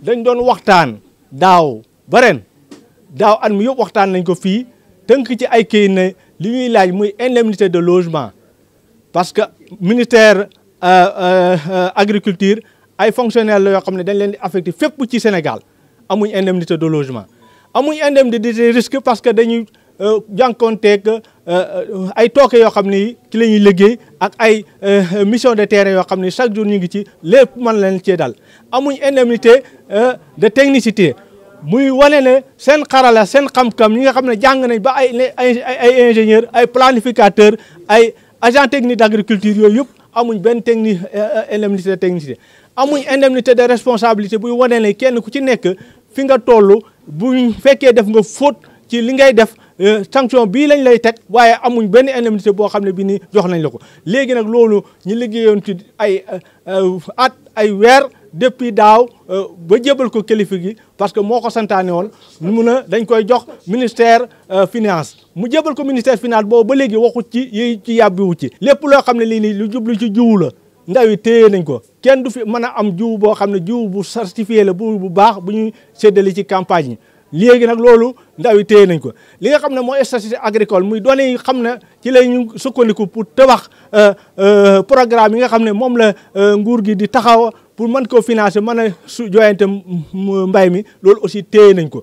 dañ doon waxtaan daaw ba ren daaw mi yëpp waxtaan nañ ko fii ci ay li de logement parce que ministère euh, euh, agriculture ay fonctionnaires la yoo xam di Sénégal amuñ indemnité de logement amuñ indemnité de risque parce que dañuy que euh, Euh, euh, ay tooke yoo xam ni ci la ñuy liggéey ak ay euh, mission de terrain yoo xam ni chaque jour ñu ngi ci lépp man leen cee dal amuñ indemnité de technicité muy wane ne seen xarala seen xam-xam ñi nga xam ne jàng nañ ba ay ay ingénieur ay planificateur ay agent technique d'agriculture yooyu yëpp amuñ benn technique indemnité de technicité amuñ indemnité de responsabilité buy wane ne kenn ku ci nekk fi nga toll bu fekkee def nga faute ci li ngay def euh, sanction bii lañ lay teg waaye amuñ benn indemnité boo xam ne bi ni jox nañ la ko léegi nag loolu ñu liggéeyoon ci ay euh, euh, at ay weer depuis daaw ba jëbal ko kilifa gi parce que moo ko santaane woon mun a dañ koy jox ministère finance mu jëbal ko ministère finance boobu ba léegi waxut ci yi ci yàbbiwu ci lépp loo xam ne lii nii lu jublu ci jiwu la ndaw yi téye nañ ko kenn du fi mën a am jiwu boo xam ne jiwu bu certifié la bu bu baax bu ñu séddale ci campagne yi léegi nag loolu ndaw yi téye nañ ko li nga xam ne mooy statistique agricole muy données yi xam ne ci la ñu sukkandiku pour tabax euh, euh, programme yi nga xam ne moom la euh, nguur gi di taxaw pour mën koo financer mën a su joyante mbay mi loolu aussi téye nañ ko